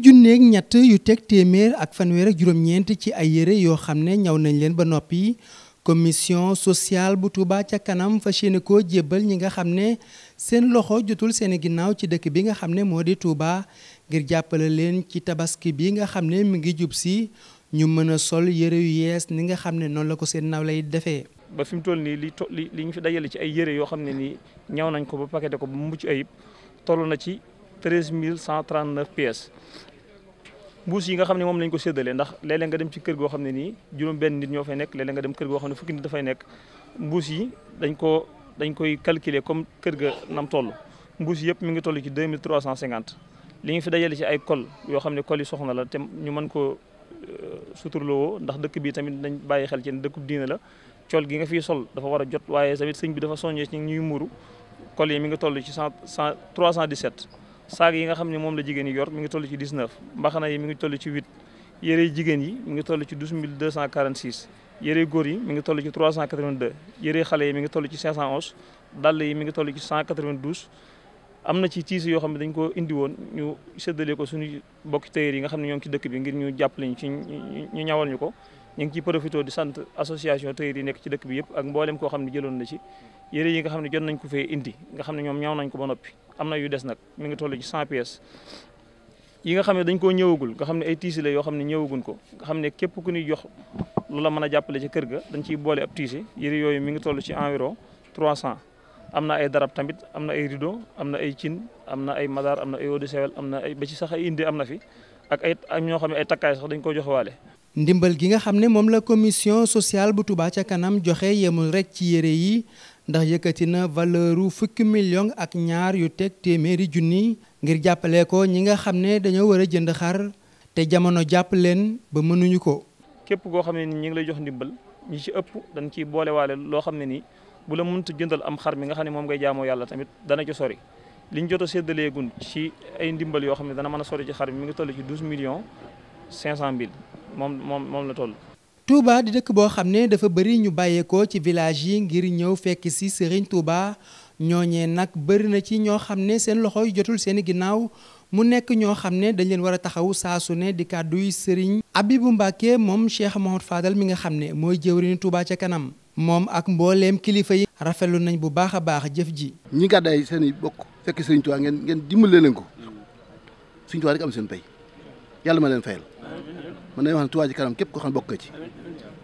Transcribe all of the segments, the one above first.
fukki junneeg ñett yu teg téeméer ak fanweer ak juróom-ñeent ci ay yére yoo xam ne ñaw nañ leen ba noppi commission sociale bu Touba ca kanam fas yéene koo jébbal ñi nga xam ne seen loxo jotul seen ginnaaw ci dëkk bi nga xam ne moo di Touba ngir jàppale leen ci tabaski bi nga xam ne mu ngi jub si ñu mën a sol yére yu yees ni nga xam ne noonu la ko seen naw lay defee. ba fi mu toll nii li to li li fi dajale ci ay yére yoo xam ne nii ñaw nañ ko ba paqueté ko ba mu mucc ayib toll na ci. 13139 pièces mbuus yi nga xam ne moom lañ ko séddalee ndax léeg nga dem ci kër goo xam ne nii juróom benn nit ñoo fay nekk léeg-léeg nga dem kër goo xam ne fukki nit dafay nekk mbuus yi dañ ko dañ koy calculer comme kër ga nam toll mbuus yëpp mu ngi toll ci 2350 li ñu fi dajale ci ay col yoo xam ne col yi soxna la te ñu mën ko euh, suturloo ndax dëkk bi tamit dañ bàyyi xel ci ne dëkkub diina la col gi nga fiy sol dafa war a jot waaye tamit sëñ bi dafa soññee ci ñuy mburu col yi mi ngi toll ci cent cent 317 saag yi nga xam ne moom la jigéen yi yor mi ngi toll ci 19 mbaxana yi mi ngi toll ci 8 yére jigéen yi mi ngi toll ci 12 246 yére góor yi mi ngi toll ci 382 yére xale yi mi ngi toll ci 511 dàll yi mi ngi toll ci 192 am na ci tiis yoo xam ne dañ ko indiwoon ñu séddale ko suñu bokki tailleur yi nga xam ne ñoom ci dëkk bi ngir ñu jàppale ñu ci ñu ñawal ñu ko ñu ngi ciy profité di sant association tailleur yi nekk ci dëkk bi yëpp ak mboolem koo xam ne jëloon na ci yére yi nga xam ne jot nañ ko fee indi nga xam ne ñoom ñaw nañ ko ba noppi am na yu des nag mi ngi toll ci 100 pièces yi nga xam ne dañ koo ñëwagul nga xam ne ay tiisi yoo xam ne ñëwaguñ ko nga xam ne képp ku ñuy jox lu la mën a jàppale ci kër ga dañ ciy boole ab tiisi yére yooyu mi ngi toll ci environ 300 am na ay darab tamit am na ay rideau am na ay cin am na ay madaar am na ay eau de am na ay ba sax indi am na fi ak ay ñoo xam ne ay takkaay dañ ko jox ndimbal gi nga xam ne moom la commission sociale bu Touba ca kanam joxe yemul rek ci yére yi ndax yëkkati na valeuru fukki million ak ñaar yu teg téeméeri junni ngir jàppale ko ñi nga xam ne dañoo war a jënd xar te jamono jàpp leen ba mënuñu ko. képp koo xam ne ni ñi ngi lay jox ndimbal ñi ci ëpp dañ ciy boolewaale loo xam ne nii bu la mënut jëndal am xar mi nga xam ne moom ngay jaamoo yàlla tamit dana ci sori. liñ jot a séddaleegun ci ay ndimbal yoo xam ne dana mën a sori ci xar mi mi ngi toll ci douze millions cinq cent moom moom moom la toll. Touba di dëkk boo xam ne dafa bëri ñu bàyyeekoo ci village yi ngir ñëw fekk si Serigne Touba ñooñee nag bëri na ci ñoo xam ne seen loxo yu jotul seen i ginnaaw mu nekk ñoo xam ne dañ leen war a taxawu saa su ne di kàdduy Serigne Abibou Mbacke moom Cheikh Mouhamed Fadal mi nga xam ne mooy jëwriñu Touba ca kanam moom ak mbooleem kilifa yi. rafetlu nañ bu baax a baax jëf ji. ñi gàddaay seen i bokk fekk Serigne Touba ngeen ngeen dimbale leen ko Serigne Touba yàlla ma leen fayal man dañuy wax ne Touba Ca Kanam képp ko xam bokk ci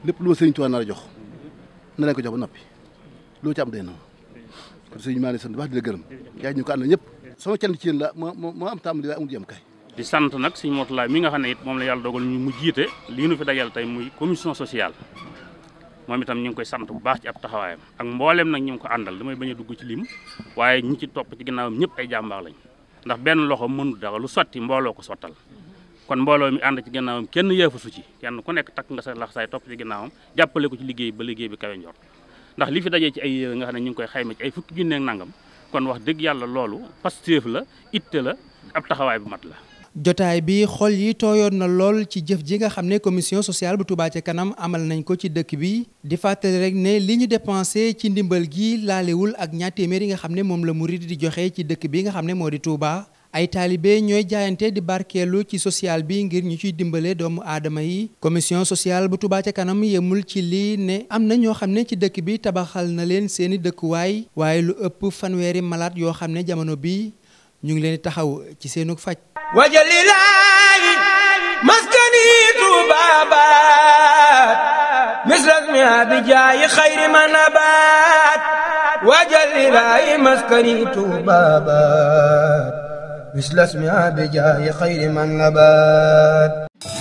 lépp lu ma sëriñ Touba nar a jox na leen ko jox ba noppi loo ci am day na kon sëriñ maa ngi sant wax di la gërëm yaay ñu ñëpp sama cant ci yéen la moo moo am tàmbali waaye di sant nag sëriñ Mourtalla mi nga xam ne it moom la yàlla dogal ñu mu jiite lii nu fi dajal tey muy commission sociale moom itam ñu ngi koy sant bu baax ci ab taxawaayam ak mbooleem nag ñu ngi ko àndal damay bañ a dugg ci lim waaye ñi ci topp ci ginnaawam ñëpp ay jàmbaar lañ ndax benn loxo mënu dara lu mbooloo ko sottal kon mbooloo mi ànd ci ginnaawam kenn yeefasu ci kenn ku nekk takk nga sa lax saay topp ci ginnaawam jàppale ko ci liggéey ba liggéey bi kawe ndax li fi dajee ci ay yére nga xam ne ñu ngi koy xayma ci ay fukki junneeg nangam kon wax dëgg yàlla loolu pastéef la itte la ab taxawaay bu mat la jotaay bi xol yi tooyoon na lool ci jëf ji nga xam ne commission sociale bu Touba ca kanam amal nañ ko ci dëkk bi di fàttali rek ne li ñu dépensé ci ndimbal gi laalewul ak ñaar téeméer yi nga xam ne moom la murid di joxe ci dëkk bi nga xam ne moo di Touba ay taalibe ñooy jaayante di barkeelu ci social bi ngir ñu ciy dimbalee doomu aadama yi commission sociale bu Touba ca kanam yemul ci lii ne am na ñoo xam ne ci dëkk bi tabaxal na leen seeni dëkkuwaay waaye lu ëpp fanweeri malaat yoo xam ne jamono bi ñu ngi leen di taxaw ci seenu faj wajalilaayi maskani tubaabaat misrasmi مثل اسمها بجاه خير من نبات